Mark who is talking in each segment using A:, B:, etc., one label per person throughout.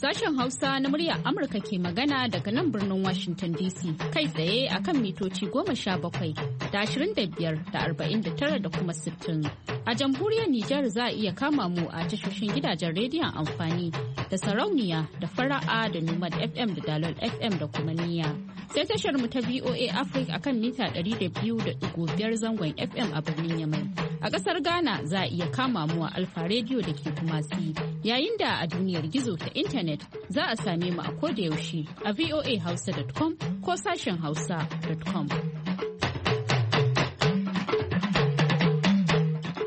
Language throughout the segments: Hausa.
A: Sashen Hausa na muryar Amurka ke magana daga nan birnin Washington DC kai tsaye akan mitoci goma sha bakwai da ashirin da biyar da arba'in da tara da kuma sittin. A jamhuriyar Nijar za a iya kama mu a tashoshin gidajen rediyon amfani da sarauniya da fara'a da Numad FM da Dalol FM da kuma niyya. Sai tashar mu ta VOA Africa akan mita ɗari da da biyu biyar zangon FM a birnin Yamai. A ƙasar Ghana za a iya kama mu a Alfa Radio da ke Kumasi yayin da a duniyar gizo ta intanet intanet za a same mu a yaushe a voahausa.com ko sashen hausa.com.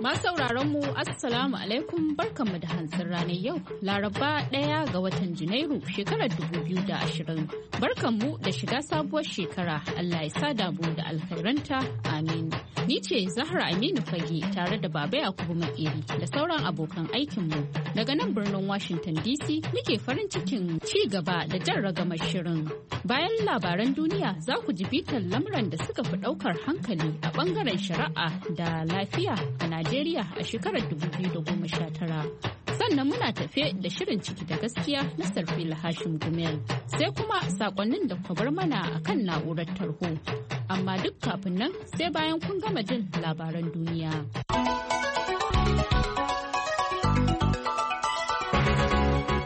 A: Masu mu Assalamu alaikum barkanmu da hantsin ranar yau Laraba ɗaya ga watan Janairu shekarar 2020. Barkanmu da shiga sabuwar shekara Allah ya sa damu da alkhairanta amin. Ni ce Zahra Aminu Fage tare da Baba Yakubu Makeri da sauran abokan aikinmu daga nan birnin Washington DC muke farin cikin ci gaba da jan ragamar shirin. Bayan labaran duniya za ku ji bitan lamuran da suka fi ɗaukar hankali a ɓangaren shari'a da lafiya a Najeriya. Najeriya a shekarar 2019. Sannan muna tafe da shirin ciki da gaskiya na Sarfila Hashim Gumel. Sai kuma sakonnin da kwabar mana a kan na'urar tarho. Amma duk kafin nan sai bayan kun gama jin labaran duniya.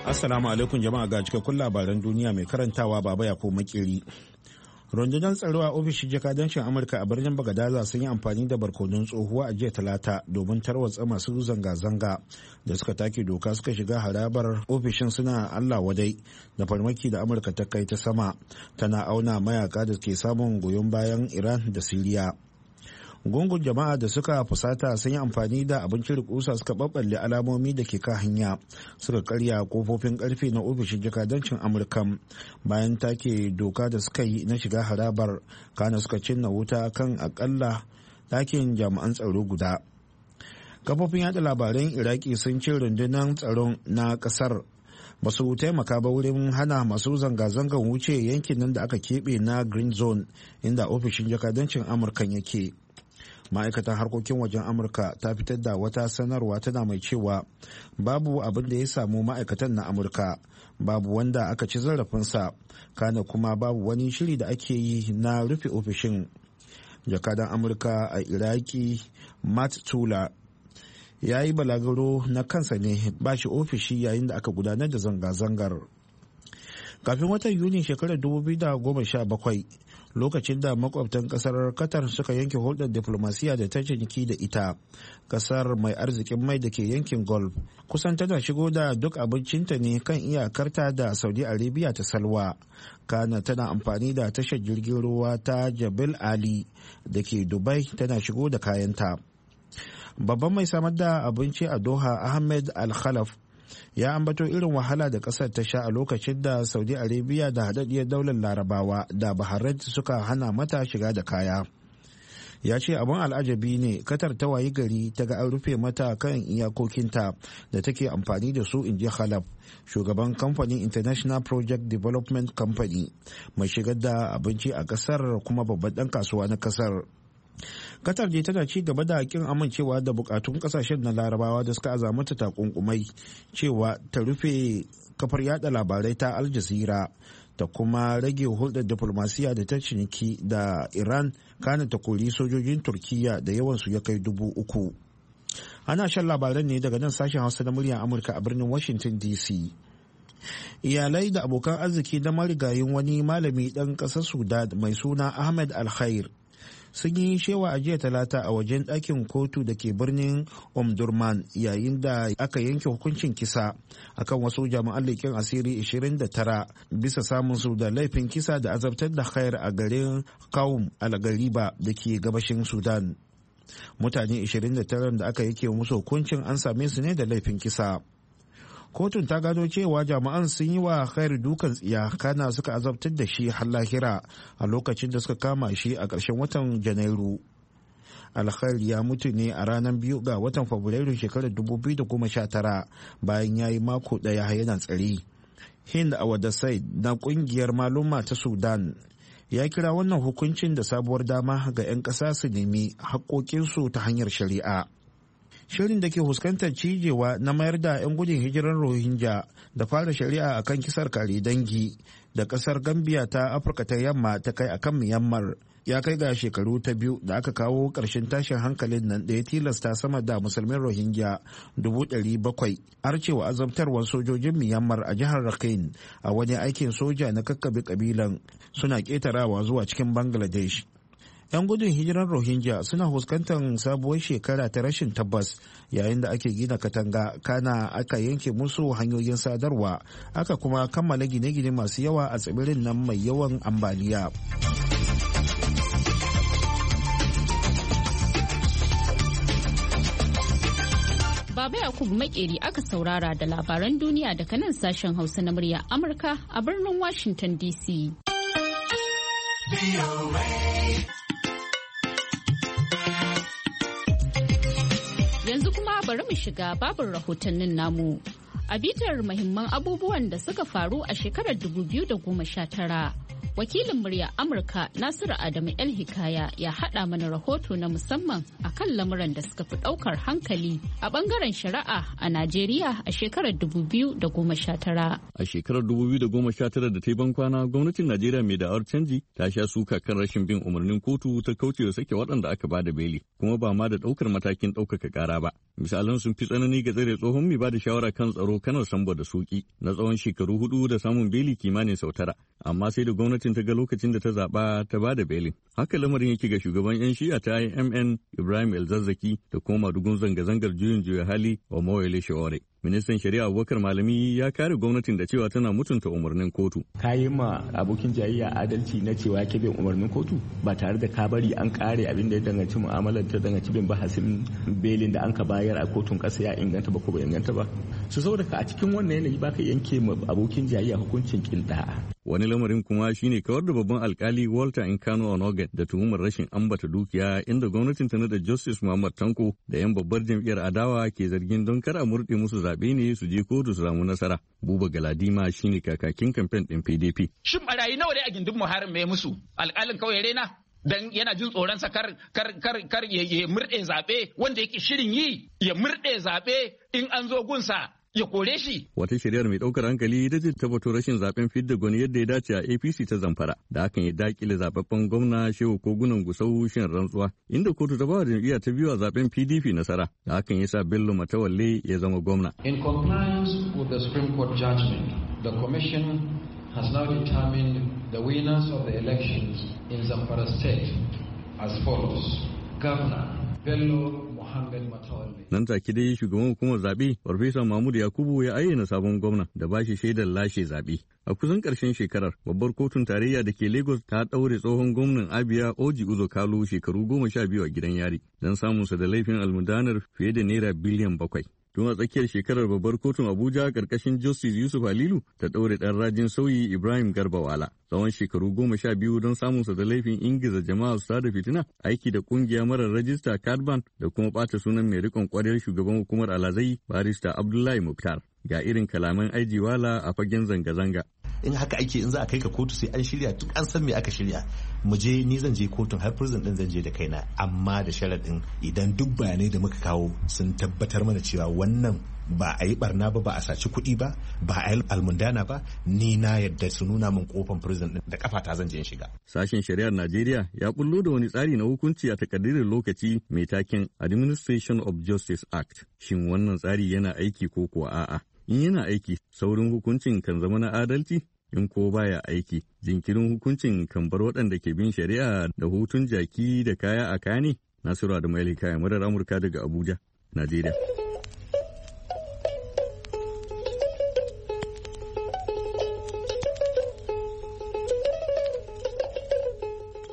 B: Assalamu alaikum jama'a ga cikakkun labaran duniya mai karantawa baba ya ko makiri. rundunar tsaro a ofishin jakadancin amurka a birnin bagadaza sun yi amfani da barkonon tsohuwa a jiya talata domin tarwatsa masu zanga-zanga da suka take doka suka shiga harabar ofishin suna allah wadai da farmaki da amurka ta kai ta sama tana auna mayaka da ke samun goyon bayan iran da siriya gungun jama'a da suka fusata sun yi amfani da abincin rukusa suka babballe alamomi da ke ka hanya suka karya kofofin karfe na ofishin jakadancin amurka bayan take doka da suka yi na shiga harabar kana suka cinna wuta kan akalla dakin jami'an tsaro guda kafofin yada labaran iraki sun ce rundunar tsaron na kasar ba su taimaka ba wurin hana masu zanga-zangar wuce yankin nan da aka keɓe na green zone inda ofishin jakadancin amurkan yake. ma'aikatan harkokin wajen amurka ta fitar da wata sanarwa tana mai cewa babu abin da ya samu ma'aikatan na amurka babu wanda aka ci zarafinsa kana kuma babu wani shiri da ake yi na rufe ofishin jakadan amurka a iraki matt tula ya yi balagaro na kansa ne ba shi ofishi yayin da aka gudanar da zanga-zangar kafin watan yuni shekarar 2017 lokacin da makwabtan kasar qatar suka yanke hulɗar diplomasiya da ta ciniki da ita kasar mai arzikin mai da ke yankin golf kusan tana shigo da duk abincinta ne kan iyakarta da saudi arabia ta salwa kana tana amfani da tashar jirgin ruwa ta jabil ali da ke dubai tana shigo da kayanta babban mai samar da abinci a doha ahmed al-khalaf ya ambato irin wahala da kasar ta sha a lokacin da saudi arabia da haɗaɗɗiyar daular larabawa da baharai suka hana mata shiga da kaya ya ce abin al'ajabi ne katar ta wayi gari ta ga an rufe mata kan iyakokinta da take amfani da su inji halab shugaban kamfanin international project development company mai shigar da abinci a kasar kuma babban dan kasuwa na kasar katar dai tana ci gaba da kin amincewa da bukatun kasashen na larabawa da suka aza mata takunkumai cewa ta rufe kafar yada labarai ta Al Jazeera ta kuma rage hulɗar diplomasiya da ta ciniki da Iran kana ta kori sojojin Turkiyya da yawan su ya kai dubu uku. Ana shan labaran ne daga nan sashen Hausa na muryar Amurka a birnin Washington DC. Iyalai da abokan arziki na marigayin wani malami ɗan ƙasar Sudan mai suna Ahmed Alkhair sun yi shewa a jiya talata a wajen ɗakin kotu da ke birnin omdurman yayin da aka yanke hukuncin kisa akan wasu jami'an leƙen asiri 29 bisa samun su da laifin kisa da azabtar da khair a garin kawun algariba da ke gabashin sudan mutane 29 da aka yake musu hukuncin an same su ne da laifin kisa kotun ta gano cewa jama'an sun yi wa khairu dukan tsiya kana suka azabtar da shi har lahira a lokacin da suka kama shi a ƙarshen watan janairu alkhair ya mutu ne a ranar biyu ga watan fabrairu shekarar 2019 bayan ya yi mako ɗaya yana tsari hind awadasai na ƙungiyar maluma ta sudan ya kira wannan hukuncin da sabuwar dama ga 'yan ƙasa su nemi haƙoƙinsu ta hanyar shari'a shirin da ke fuskantar cijewa na mayar da 'yan gudun hijirar rohingya da fara shari'a a kan kisar kare dangi da kasar gambia ta afirka ta yamma ta kai akan myanmar ya kai ga shekaru ta biyu da aka kawo ƙarshen tashin hankalin nan da ya tilasta sama da musulmin rohingya bakwai arcewa azabtarwar sojojin myanmar a jihar rakhine a wani aikin soja na kakkabi kabilan suna ketarawa zuwa cikin bangladesh 'yan gudun hijirar rohingya suna fuskantar sabuwar shekara ta rashin tabbas yayin da ake gina katanga kana aka yanke musu hanyoyin sadarwa aka kuma kammala gine-gine masu yawa a tsibirin nan mai yawan ambaliya
A: Baba Yakubu Makeri aka saurara da labaran duniya daga nan sashen Hausa na murya Amurka a birnin Washington DC. bari mu shiga babin rahotannin namu. A bitar muhimman abubuwan da suka faru a shekarar 2019 wakilin murya amurka nasiru adamu el hikaya ya hada mana rahoto na musamman a kan lamuran da suka fi daukar hankali a bangaren shari'a a najeriya a shekarar 2019
C: a shekarar 2019 da ta yi bankwana gwamnatin najeriya mai da'awar canji ta sha suka kan rashin bin umarnin kotu ta kauce kaucewa sake waɗanda aka ba da beli kuma ba ma da ɗaukar matakin ɗaukaka ƙara ba misalan sun fi tsanani ga tsare tsohon mai ba da shawara kan tsaro kanar sambo da suki na tsawon shekaru hudu da samun beli kimanin sautara amma sai da gwamnatin ta ga lokacin da ta zaɓa ta ba da belin. Haka lamarin yake ga shugaban 'yan shi'a ta IMN Ibrahim El Zazzaki da kuma madugun zanga-zangar juyin juya hali wa Mawale shawarai. ministan shari'a abubakar malami ya kare gwamnatin da cewa tana mutunta umarnin kotu ka yi ma abokin jayayya adalci na cewa ke bin umarnin kotu ba tare da ka bari an kare abin da ya danganci mu'amalar ta danganci bin bahasin belin da an ka bayar a kotun kasa ya inganta ba ko ba inganta ba su saboda ka a cikin wannan yanayi baka yanke ma abokin jayayya hukuncin kilda'a wani lamarin kuma shine kawar da babban alkali walter a onogan da tuhumar rashin ambata dukiya inda gwamnatin ta da justice muhammad tanko da yan babbar jam'iyyar adawa ke zargin don kar a murɗe musu zaɓe zaɓe ne su je kotu su samu nasara. Buba Galadima shine kakakin kamfen ɗin PDP.
B: Shin barayi nawa dai a gindin Buhari mai musu alƙalin kawai rena? Dan yana jin tsoron sa kar kar kar kar ya murɗe zaɓe wanda yake shirin yi ya murɗe zaɓe in an zo gunsa ya kore shi.
C: Wata shari'ar mai ɗaukar hankali ita ce ta fito rashin zaben fidda gwani yadda ya dace a APC ta zamfara da hakan ya dakile zababben gwamna Shehu Kogunan Gusau shin rantsuwa inda kotu ta bawa jam'iyya ta biyu a zaben PDP nasara da hakan ya sa Bello Matawalle ya zama gwamna.
B: In compliance with the Supreme Court judgment, the commission has now determined the winners of the elections in Zamfara state as follows. Governor Bello
C: Nan take dai shugaban hukumar zaɓe, Farfesa Mahmud Yakubu ya ayyana sabon gwamna da bashi shaidar lashe zaɓe. A kusan ƙarshen shekarar, babbar kotun tarayya da ke Lagos ta ɗaure tsohon gwamnan Abia Oji Uzo Kalu shekaru goma sha biyu a gidan yari don samunsa da laifin almudanar fiye da naira biliyan bakwai. tun a tsakiyar shekarar babbar kotun Abuja karkashin Justice Yusuf Halilu ta ɗaure ɗan rajin sauyi Ibrahim Garba Wala Tsawon shekaru goma sha biyu don samun sa da laifin ingiza jama'a su da fitina, aiki da kungiya marar rajista Cardban da kuma ɓata sunan mai riƙon ƙwarar shugaban hukumar Alazai Barista Abdullahi Muktar. Ga irin kalaman wala a fagen zanga-zanga. in haka ake in za a kai ka kotu sai an shirya duk an san me aka shirya mu je ni zan je kotun
D: har prison din zan je da kaina amma da sharadin idan duk bayanai da muka kawo sun tabbatar mana cewa wannan ba a yi barna ba ba a saci kuɗi ba ba a yi almundana ba ni na yadda su nuna min kofan prison din da kafa ta zan je in shiga
C: sashen shari'ar Najeriya ya bullo da wani tsari na hukunci a takaddirin lokaci mai taken Administration of Justice Act shin wannan tsari yana aiki ko kuwa a'a in yana aiki saurin hukuncin kan zama na adalci in ko baya aiki jinkirin hukuncin kan bar waɗanda ke bin shari'a da hutun jaki da kaya a kane nasiru da maili kaya murar amurka daga abuja najeriya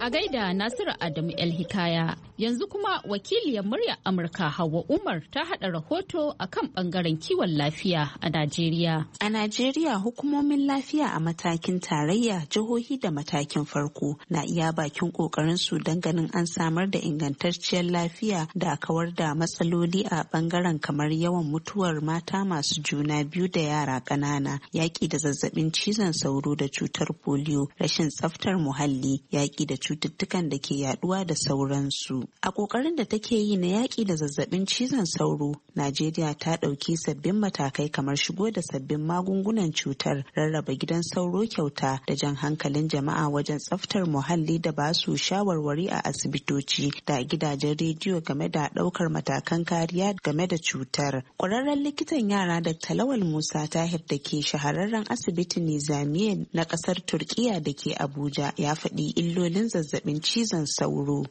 A: a gaida nasiru adamu el hikaya Yanzu kuma wakiliyar murya Amurka Hawa Umar ta haɗa rahoto a kan ɓangaren kiwon lafiya a Najeriya. A Najeriya hukumomin
E: lafiya a matakin tarayya, jihohi da matakin farko na iya bakin ƙoƙarin su don ganin an samar da ingantacciyar lafiya da kawar da matsaloli a ɓangaren kamar yawan mutuwar mata masu juna biyu da yara ƙanana, yaƙi da zazzabin cizon sauro da cutar polio, rashin tsaftar muhalli, yaƙi da cututtukan da ke yaɗuwa da sauransu. A ƙoƙarin da take yi na yaƙi da zazzabin cizon sauro, Najeriya ta ɗauki sabbin matakai kamar shigo da sabbin magungunan cutar, rarraba gidan sauro kyauta da jan hankalin jama'a wajen tsaftar muhalli da ba su shawarwari a asibitoci da gidajen rediyo game da ɗaukar matakan kariya game da cutar. Ƙwararren likitan yara da Talawal Musa Tahir da ke shahararren asibitin Nizamiya na ƙasar Turkiya da ke Abuja ya faɗi illolin zazzabin cizon sauro.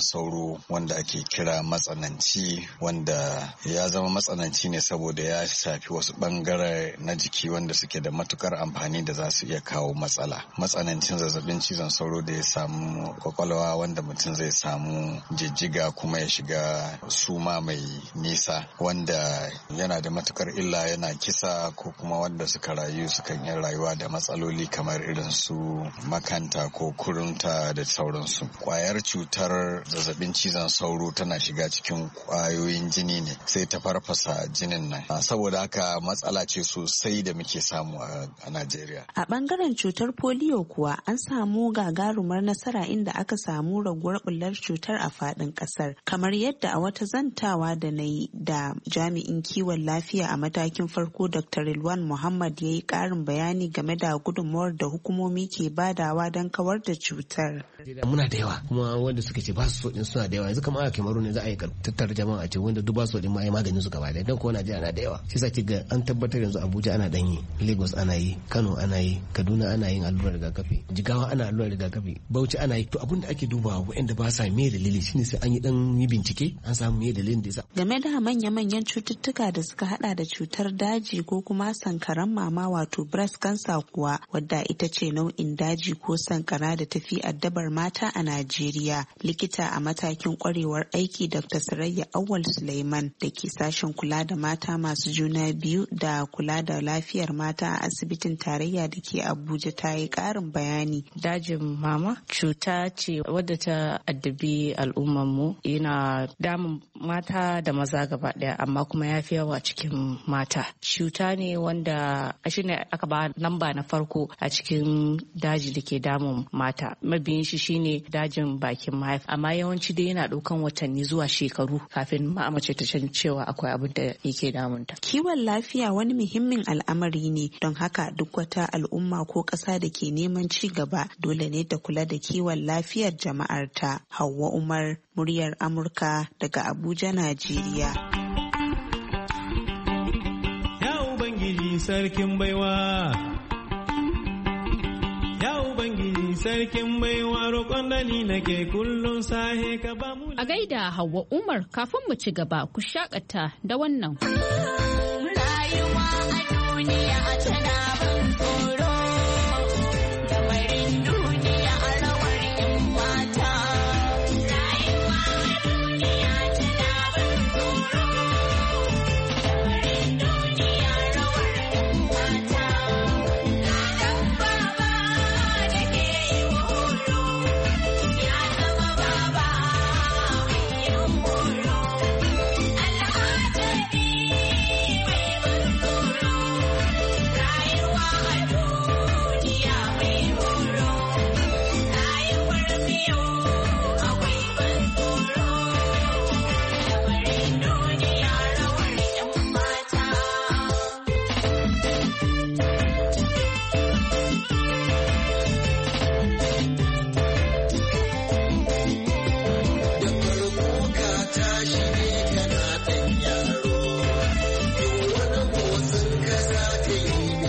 D: sauro wanda ake kira matsananci wanda ya zama matsananci ne saboda ya shafi wasu bangare na jiki wanda suke da matukar amfani da za su iya kawo matsala matsanancin zazzabin cizon sauro da ya samu kwakwalwa wanda mutum zai samu jijjiga kuma ya shiga suma mai nisa wanda yana da matukar illa yana kisa ko kuma wanda suka rayu sukan yi rayuwa da matsaloli kamar irin su makanta ko kurunta da sauransu kwayar cutar zazzabin cizon sauro tana shiga cikin kwayoyin jini ne sai ta farfasa jinin nan ah, saboda haka matsala ce sosai da muke samu a najeriya
E: a bangaren cutar polio kuwa an samu gagarumar nasara inda aka samu raguwar bullar cutar a faɗin ƙasar kamar yadda a wata zantawa da nayi da jami'in kiwon lafiya a matakin farko dr rilwan muhammad ya yi ƙarin bayani game da gudunmuwar da hukumomi ke badawa don kawar da cutar
F: muna da yawa
D: kuma wanda suka ce ba su so din suna da yawa yanzu kamar a ne za a yi tattara jama'a ce wanda duba so din ma ya maganin su gaba da dan ko Najeriya na da yawa shi sa ga an tabbatar yanzu Abuja ana dan yi Lagos ana yi Kano ana yi Kaduna ana yin allurar rigakafi Jigawa ana allurar rigakafi Bauchi ana yi to abin da ake dubawa waɗanda ba sa me dalili shine sai an yi dan yi bincike an samu me dalilin da yasa
E: game da manya-manyan cututtuka da suka hada da cutar daji ko kuma sankaran mama wato breast cancer kuwa wadda ita ce nau'in daji ko sankara da tafi addabar mata a Najeriya likita a matakin kwarewar aiki Dr. Sarayya Awal Suleiman da ke sashen kula da mata masu juna biyu da kula da lafiyar mata a asibitin tarayya da ke Abuja ta yi ƙarin bayani. Dajin mama cuta ce wadda ta addabi al'ummarmu yana damun mata da maza gaba ɗaya amma kuma ya fi yawa cikin mata. Cuta ne wanda shi ne aka ba namba na farko a cikin daji da ke damun mata. Mabiyin shi shine dajin bakin mahaifa amma yawanci dai yana ɗaukan watanni zuwa shekaru kafin ma mace ta san cewa akwai abin da yake damunta. Kiwon lafiya wani muhimmin al'amari ne don haka duk wata al'umma ko ƙasa da ke neman ci gaba dole ne ta kula da kiwon lafiyar jama'arta. Hauwa Umar, muryar Amurka daga Abuja, Najeriya.
B: Ya Ubangiji sarkin baiwa. Ubangiji sarkin baiwa roƙon dani nake kullum sahe ka ba mu.
A: A gaida Hauwa Umar kafin mu ci gaba ku shakata da wannan. Rayuwa a duniya a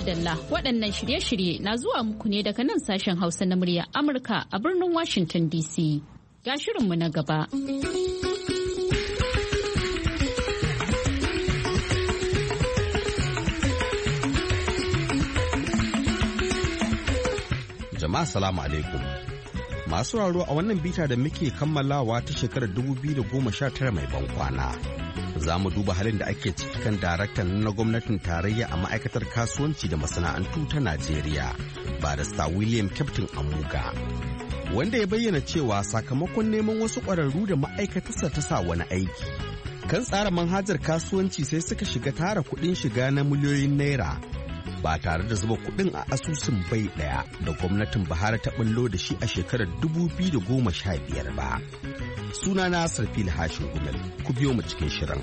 A: madalla waɗannan shirye-shirye na zuwa muku ne daga nan sashen hausa na murya amurka a birnin washington dc ga shirinmu na gaba
D: jama'a salamu alaikum masu raro a wannan bita da muke kammalawa ta shekarar 2019 mai ban kwana za mu duba halin da ake ciki kan daraktan na gwamnatin tarayya a ma'aikatar kasuwanci da masana'antu ta najeriya barista william captain amuga wanda ya bayyana cewa sakamakon neman wasu ƙwararru da ma'aikatarsa ta sa wani aiki kan tsara manhajar kasuwanci sai suka shiga tara kuɗin shiga na miliyoyin naira ba tare da zuba kuɗin a asusun bai ɗaya da gwamnatin Buhari ta bullo da shi a shekarar 2015 ba. Suna na Sarfil Hashin Gumel, ku biyo mu cikin shirin.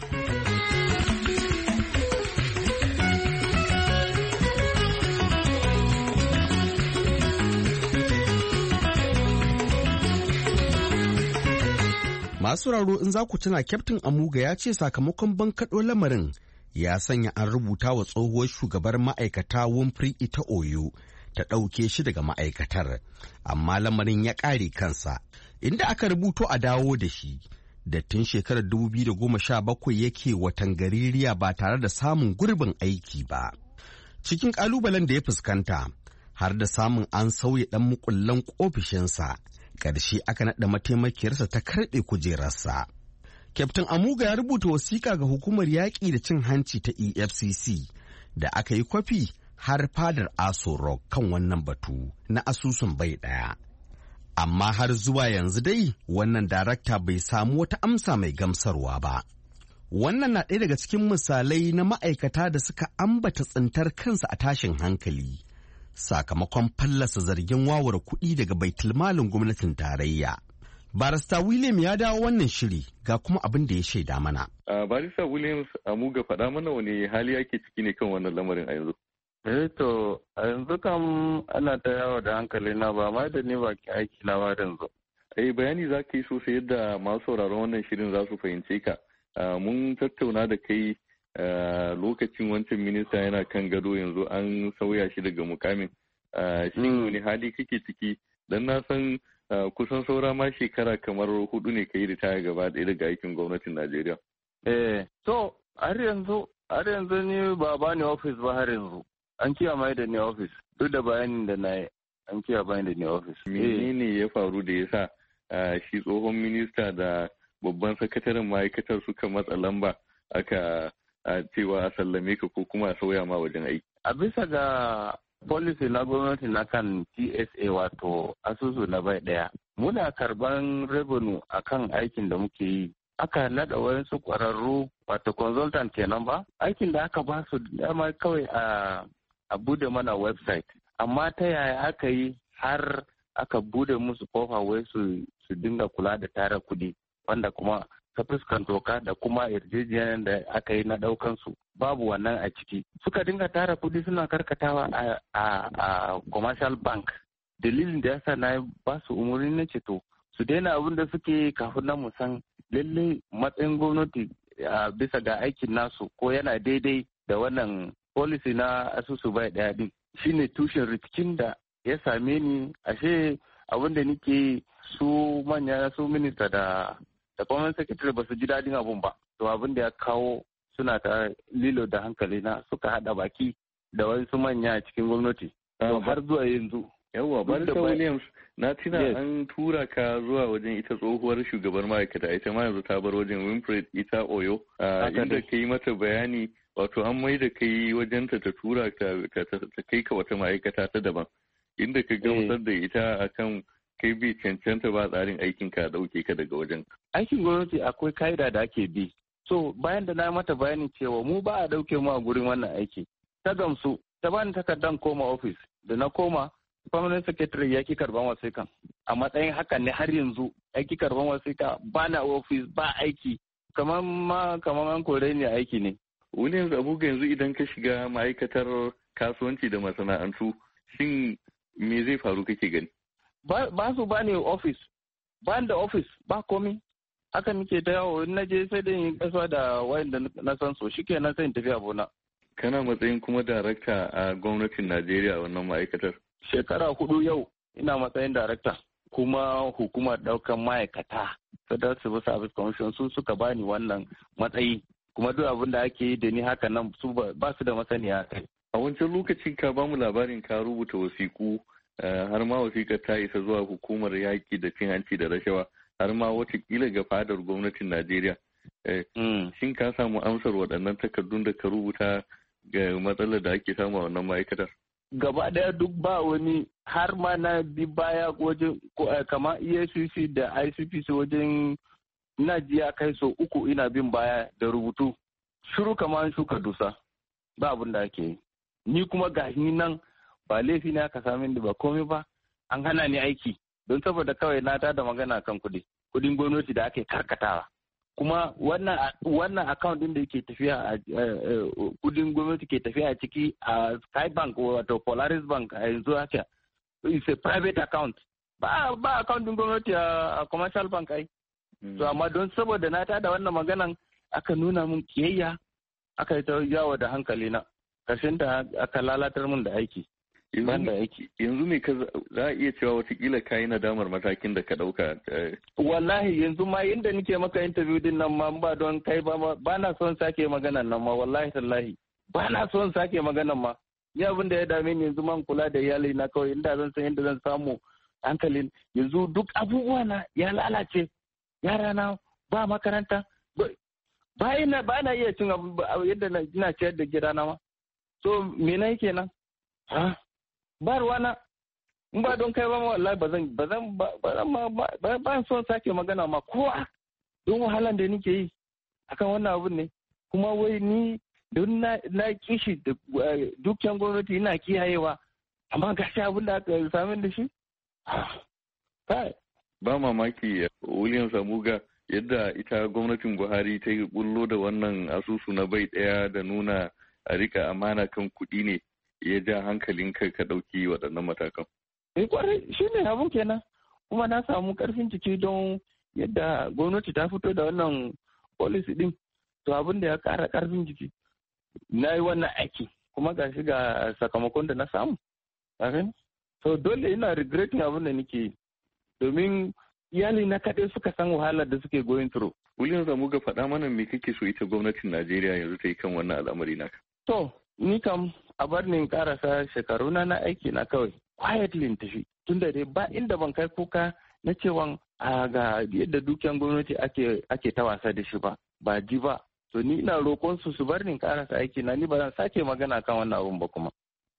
D: Masu raro in za ku tuna Kyaftin Amuga ya ce sakamakon bankaɗo lamarin ya sanya an rubuta wa tsohuwar shugabar ma'aikata Winfrey ita Oyo ta ɗauke shi daga ma'aikatar, amma lamarin ya ƙare kansa, inda aka rubuto a dawo da shi. Da tun shekarar 2017 yake watan gaririya ba tare da samun gurbin aiki ba. Cikin ƙalubalen da ya fuskanta, har da samun an sauya ɗan mukullan ofishinsa, ƙarshe aka naɗa mataimakiyarsa ta karɓe kujerarsa. Kyaftin Amuga ya rubuta wasiƙa ga hukumar yaƙi da cin hanci ta EFCC da aka yi kwafi har fadar Aso Rock kan wannan batu na asusun bai ɗaya. Amma har zuwa yanzu dai wannan darakta bai samu wata amsa mai gamsarwa ba. Wannan na ɗaya daga cikin misalai na ma'aikata da suka ambata tsintar kansa a tashin hankali sakamakon fallasa zargin wawar kuɗi daga baitulmalin gwamnatin tarayya barista william ya dawo wannan shiri ga kuma abin da ya shaida mana
G: barista williams a muga faɗa mana wani hali yake ciki ne kan wannan lamarin a yanzu eh to a yanzu kam ana ta yawo da hankali na ba ma da ne ba ki aiki na ba yanzu eh bayani za ka yi sosai yadda masu sauraron wannan shirin za su fahimce ka mun tattauna da kai lokacin wancan minista yana kan gado yanzu an sauya shi daga mukamin shi hmm. wani hali kake ciki dan na san Eh, kusan saura ma shekara kamar hudu ne ka yi ritaya gaba ɗaya daga aikin gwamnatin Najeriya. Eh,
H: to har yanzu har yanzu ni ba ba ni ofis ba har yanzu. An kiya mai da ni ofis
G: duk da bayanin da na yi an kiya bayan da ni ofis. Eh. Menene ya faru da ya sa eh, shi tsohon minista da babban sakataren ma'aikatar suka matsa lamba aka cewa a sallame ka ko kuma a sauya ma wajen aiki. A bisa ga policy na gwamnati na kan tsa wato asusu na bai daya
H: muna karban revenue akan aikin da muke yi aka nada wayansu kwararru wato consultant kenan ba aikin da aka ba su dama kawai a a bude mana website amma ta yaya aka yi har aka bude musu kofa wai su dinga kula da tara kudi wanda kuma ta fuskan doka da kuma yarjejeniyar da aka yi na ɗaukansu? babu wannan a ciki suka dinga tara kudi suna karkatawa a, a, commercial bank dalilin da yasa na ba su umarni na ceto su daina abin da suke kafin na san lalle matsayin gwamnati a bisa ga aikin nasu ko yana daidai da wannan policy na asusu bai daya din shine tushen rikicin da ya same ni ashe abin da nike su manya su minista da da gwamnan secretary ba su ji dadin abun ba to abin da ya kawo suna ta lilo da hankali na suka hada baki da wasu manya a cikin gwamnati
G: har zuwa yanzu yawwa barista williams na tuna an tura ka zuwa wajen ita tsohuwar shugabar ma'aikata ita ma yanzu ta bar wajen winfred ita oyo ah, inda ka yi mata bayani wato an mai da kai wajen ta ta tura ta kai ka wata ma'aikata ta daban inda ka gamsar da ita akan kai bi cancanta ba tsarin aikin ka dauke ka daga wajen
H: aikin gwamnati akwai ka'ida da ake bi so bayan da na mata bayani cewa mu ba a dauke mu a gurin wannan aiki ta gamsu ta bani takardan koma ofis da na koma permanent secretary ya ki karban wasiƙa a matsayin haka ne har yanzu
G: ya ki karban wasiƙa ba na ofis ba aiki kamar ma kamar an kore ne aiki ne wani yanzu abubuwa yanzu idan ka shiga ma'aikatar kasuwanci da masana'antu shin me zai faru kake gani ba su ba ne ofis ba da
H: ofis ba komi haka muke ta yawo na je sai da yin kasa da wayanda na san so nan sai tafi abuna kana matsayin kuma darakta a gwamnatin Najeriya wannan ma'aikatar shekara hudu yau ina matsayin darakta kuma hukumar daukan ma'aikata federal civil service commission su suka bani wannan matsayi kuma duk abin da ake yi da ni haka nan su ba su da masaniya kai
G: a wancan lokacin ka bamu labarin ka rubuta wasiku eh, har ma wasikar ta isa zuwa hukumar yaƙi da cin hanci da rashawa har ma watakila ga fadar gwamnatin Najeriya. Eh, mm. Shin ka samu amsar waɗannan takardun da ka rubuta ga matsalar da ake samu a wannan ma'aikatar? Gaba ɗaya
H: duk ba wani har ma na bi baya wajen eh, kama EFCC da ICPC wajen Najiya kai so uku ina bin baya da rubutu. Shiru kamar shuka dusa ba abin da ake yi. Ni kuma gashi nan ba laifi na ka sami da ba komai ba an hana ni aiki. don saboda kawai na tada magana kan kuɗi kuɗin gwamnati da ake karkatawa kuma wannan account din da yake tafiya a eh, eh, kuɗin gwamnati ke tafiya a ciki a Sky Bank wato Polaris Bank a yanzu haka is a private account ba ba account din gwamnati a commercial bank ai to hmm. amma don saboda na tada wannan maganan aka nuna mun kiyayya aka yi ta yawo da hankali na karshen da aka lalatar mun da aiki yanzu
G: ne ka za a iya cewa watakila ka yi nadamar matakin da ka ɗauka. Eh.
H: Wallahi yanzu ma yadda nike maka interview din nan ma ba don kai ba ba na son sake magana nan ma wallahi tallahi ba na son sake magana ma. Ni abin da ya dame ni yanzu man kula da iyali na kawai inda zan san yadda zan samu hankalin yanzu duk abubuwa na ya lalace yara na ba makaranta ba ina ba na iya cin abu yadda na ciyar da na ma. So me na yake nan? ba ruwana in ba don kai ba ma wallahi ba zan ba zan ba ba ba so sake magana ma kowa don wahalan da nake yi akan wannan abun ne kuma wai ni don na kishi dukkan eh, gwamnati ina kiyayewa amma gashi abin da aka sami da shi
G: ba mamaki william samuga yadda ita gwamnatin buhari ta yi bullo da wannan asusu na bai daya da nuna a rika amana kan kuɗi ne ya ja hankalin kai ka ɗauki waɗannan matakan?
H: Eh kwarai shi ne abun kenan kuma na samu karfin jiki don yadda gwamnati ta fito da wannan policy din to abin da ya ƙara karfin jiki na yi wannan aiki kuma ga shi ga sakamakon da na samu.
G: So dole ina regretting abin da nake yi domin iyali na kaɗai suka san wahalar da suke going through. William Zamu ga faɗa mana me kake so ita gwamnatin Najeriya yanzu ta yi kan wannan al'amari naka.
H: To, ni kam
G: a bar ni karasa shekaru na na aiki na kawai
H: quietly tafi tunda dai ba inda ban kai kuka na cewa a ga yadda dukiyan gwamnati ake ta wasa da shi ba ba ji ba to ni ina roƙon su su bar ni karasa aiki na ni ba zan sake magana kan wannan abun ba kuma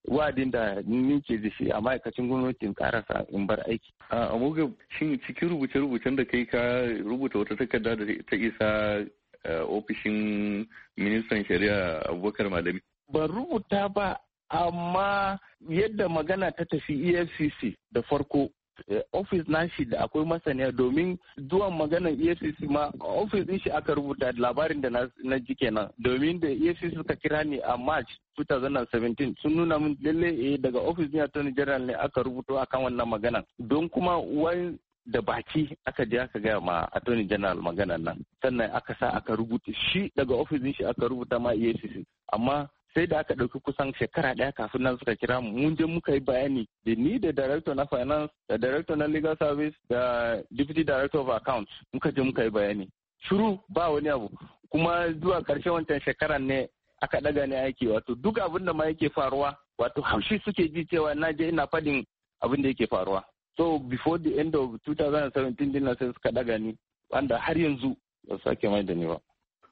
H: wa'adin da ni ke da shi a ma'aikacin gwamnati in karasa in bar aiki.
G: A amoga shin cikin rubuce-rubucen da kai ka rubuta wata takarda da ta isa eh, ofishin ministan shari'a Abubakar Malami.
H: ban rubuta ba amma yadda magana ta tafi efcc da farko eh, ofis nashi da akwai masaniya domin zuwan maganar efcc ma ofis din shi aka rubuta labarin da na ji kenan domin da efcc suka kira ni a march 2017 sun nuna min lalle eh, daga ofis din attorney general ne aka rubuto akan wannan maganan don kuma wani da baki aka je aka gaya ma attorney general maganan nan sannan aka sa aka rubuta shi daga ofis din shi aka rubuta ma efcc amma sai da aka ɗauki kusan shekara ɗaya kafin nan suka kira mu mun je muka yi bayani da ni da director na finance da director na legal service da deputy director of accounts muka je muka yi bayani shiru ba wani abu kuma zuwa ƙarshen wancan shekaran ne aka ɗaga ne aiki wato duk abin da ma yake faruwa wato haushi suke ji cewa na je ina faɗin abin da yake faruwa so before the end of 2017 din sai suka
G: ɗaga ni wanda har yanzu ba su sake mai da ni ba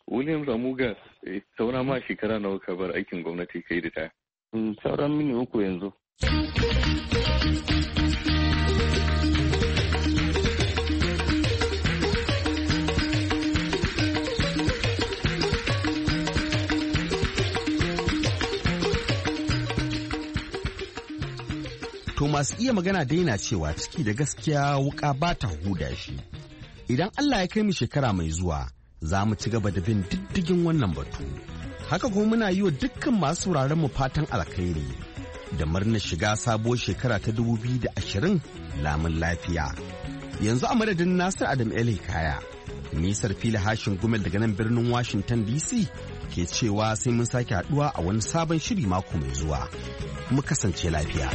G: William Ramuga eh, saura ma shekara nawa ka bar aikin gwamnati kai da ta? Mm, sauran mini uku yanzu.
D: To masu iya magana daina cewa ciki da gaskiya wuka ba ta huda shi. Idan Allah ya kai mu shekara mai zuwa, za mu ci gaba da bin diddigin wannan batu. Haka kuma muna yi wa dukkan masu sauraron mu fatan alkhairi da murnar shiga sabuwar shekara ta 2020 lamun lafiya. Yanzu a madadin Nasir Adam El Hikaya, nisar fili hashin gumel daga nan birnin Washington DC ke cewa sai mun sake haduwa a wani sabon shiri mako mai zuwa. Mu kasance lafiya.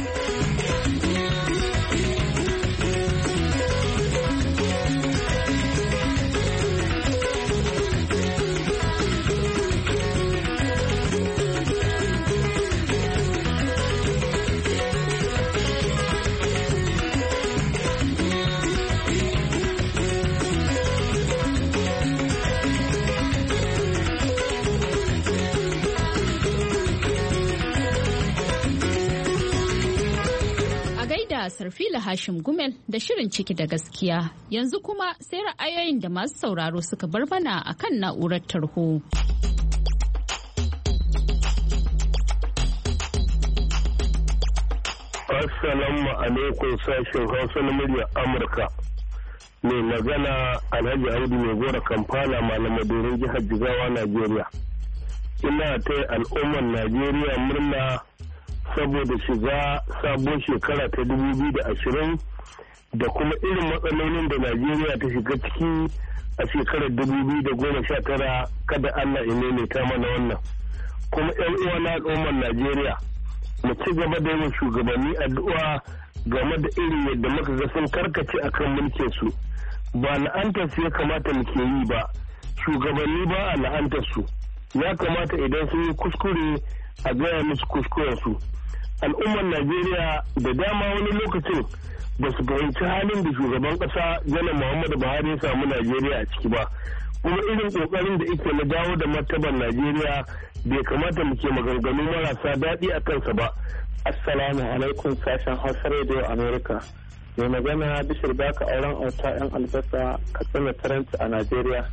A: da fila Hashim Gumel da shirin ciki da gaskiya. Yanzu kuma sai ra'ayoyin da masu sauraro suka bar mana kan na'urar tarho.
F: Assalamu alaikum sashen Hausa na murya Amurka. Mai magana Alhaji Audu mai gora Kampala domin jihar Jigawa Najeriya. Ina ta al'ummar Najeriya murna saboda shiga sabon shekara ta 2020 da ashirin da kuma irin matsalolin da najeriya ta shiga ciki a shekarar da goma 2019 kada allah ya ta mana wannan kuma 'yan uwa na al'ummar najeriya mu ci gaba da yin shugabanni addu'a game da irin yadda muka ga sun karkace a kan mulkin su ba la'antar su ya kamata muke yi ba shugabanni ba a la'antar su ya kamata idan sun yi kuskure a gaya musu kuskuren su al'ummar najeriya da dama wani lokacin ba su fahimci halin da shugaban ƙasa janar muhammadu buhari ya samu najeriya a ciki ba kuma irin ƙoƙarin da ike na dawo da martaban najeriya bai kamata mu ke maganganu marasa daɗi a kansa ba assalamu alaikum sashen hausa radio america mai magana bishir baka auren auta yan albasa katsina taranta a najeriya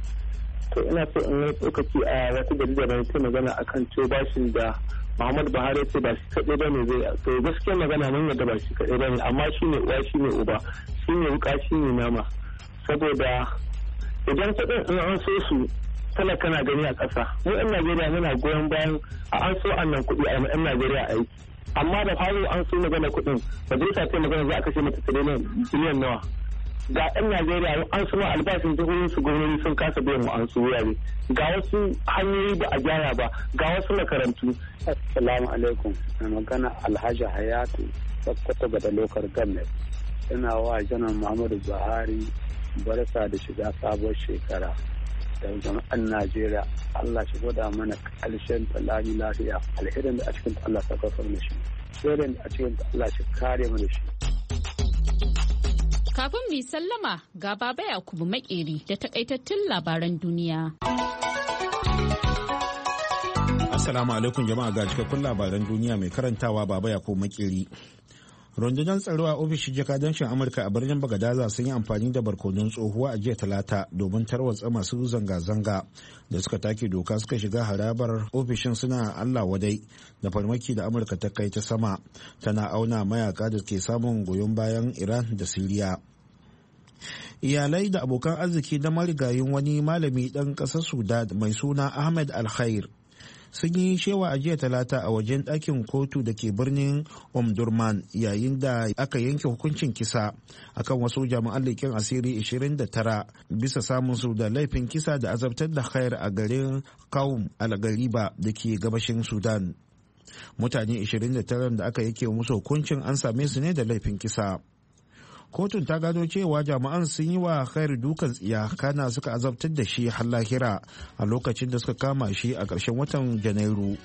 F: to ina so in yi tsokaci a wata jaridar da magana akan bashin da Muhammad Buhari ce ba shi kaɗai ba ne zai to gaskiya magana nan da ba shi kaɗai ba ne amma shi ne uwa shi ne uba shi ne wuka shi ne nama saboda idan kuɗin in an so su talaka na gani a ƙasa mu 'yan Najeriya muna goyon bayan a an so annan kuɗi a 'yan Najeriya yi amma da faru an so magana kuɗin majalisa ce magana za a kashe mata miliyan nawa ga ɗan Najeriya an suma albashin jihohin su gwamnati sun kasa biyan mu an su wurare ga wasu hanyoyi ba a gyara ba ga wasu makarantu. Assalamu alaikum na magana Alhaji Hayatu Sokoto da Lokar Gamet ina wa janar Muhammadu Buhari barasa da shiga sabuwar shekara da jama'an Najeriya Allah shi gwada mana ƙarshen talami lafiya alherin da a cikin Allah ta kafar da shi. da a cikin Allah shi kare mu da shi.
A: Kafin mu sallama ga baba Yakubu makeri da takaitattun labaran duniya.
B: Assalamu alaikum jama'a ga cikakkun labaran duniya mai karantawa baba Yakubu makeri. rundunar tsaro a ofishin jakadancin amurka a birnin bagadaza sun yi amfani da barkonin tsohuwa a jiya talata domin tarwatsa masu zanga-zanga da suka take doka suka shiga harabar ofishin suna allah wadai da farmaki da amurka ta kai ta sama tana auna mayaka da ke samun goyon bayan iran da siriya iyalai da abokan arziki na marigayin wani malami ɗan ƙasar sudan mai suna ahmed alkhair sun yi shewa a jiya talata a wajen ɗakin kotu da ke birnin omdurman yayin da aka yanke hukuncin kisa akan wasu jami'an leƙen asiri 29 bisa samun su da laifin kisa da azabtar da khair a garin kawum algariba da ke gabashin sudan mutane 29 da aka yake musu hukuncin an same su ne da laifin kisa kotun ta gado cewa jami'an sun yi wa khairu dukan tsiya kana suka azabtar da shi har lahira a lokacin da suka kama shi a ƙarshen watan janairu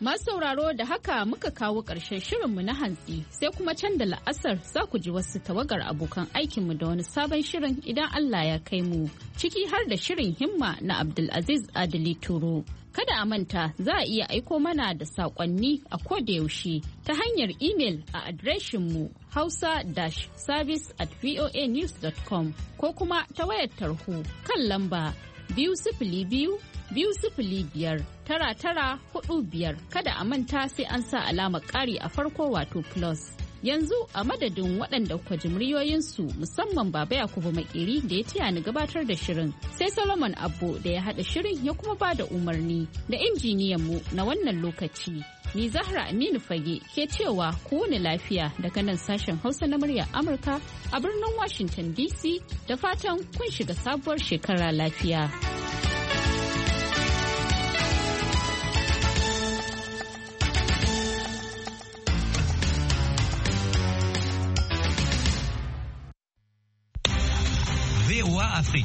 A: Masu sauraro da haka muka kawo ƙarshen shirinmu na hantsi sai kuma can da la'asar za ku ji wasu tawagar abokan aikinmu da wani sabon shirin idan Allah ya kai mu ciki har da shirin himma na Abdulaziz Adili Turo. Kada a manta za a iya aiko mana da saƙonni a yaushe ta hanyar imel a adireshinmu hausa-service at voanews.com ko kuma ta wayar tarho kan lamba biyu sifili biyu biyu sifili biyar tara tara hudu biyar kada a manta sai an sa alamar kari a farko wato plus. yanzu a madadin waɗanda kuka ji muryoyinsu musamman baba yakubu makeri da ya tiya ni gabatar da shirin sai solomon abu da ya haɗa shirin ya kuma ba da umarni da injiniyan mu na wannan lokaci ni zahra aminu fage ke cewa ku wuni lafiya daga nan sashen hausa na muryar amurka a birnin washington dc da fatan kun shiga sabuwar shekara lafiya.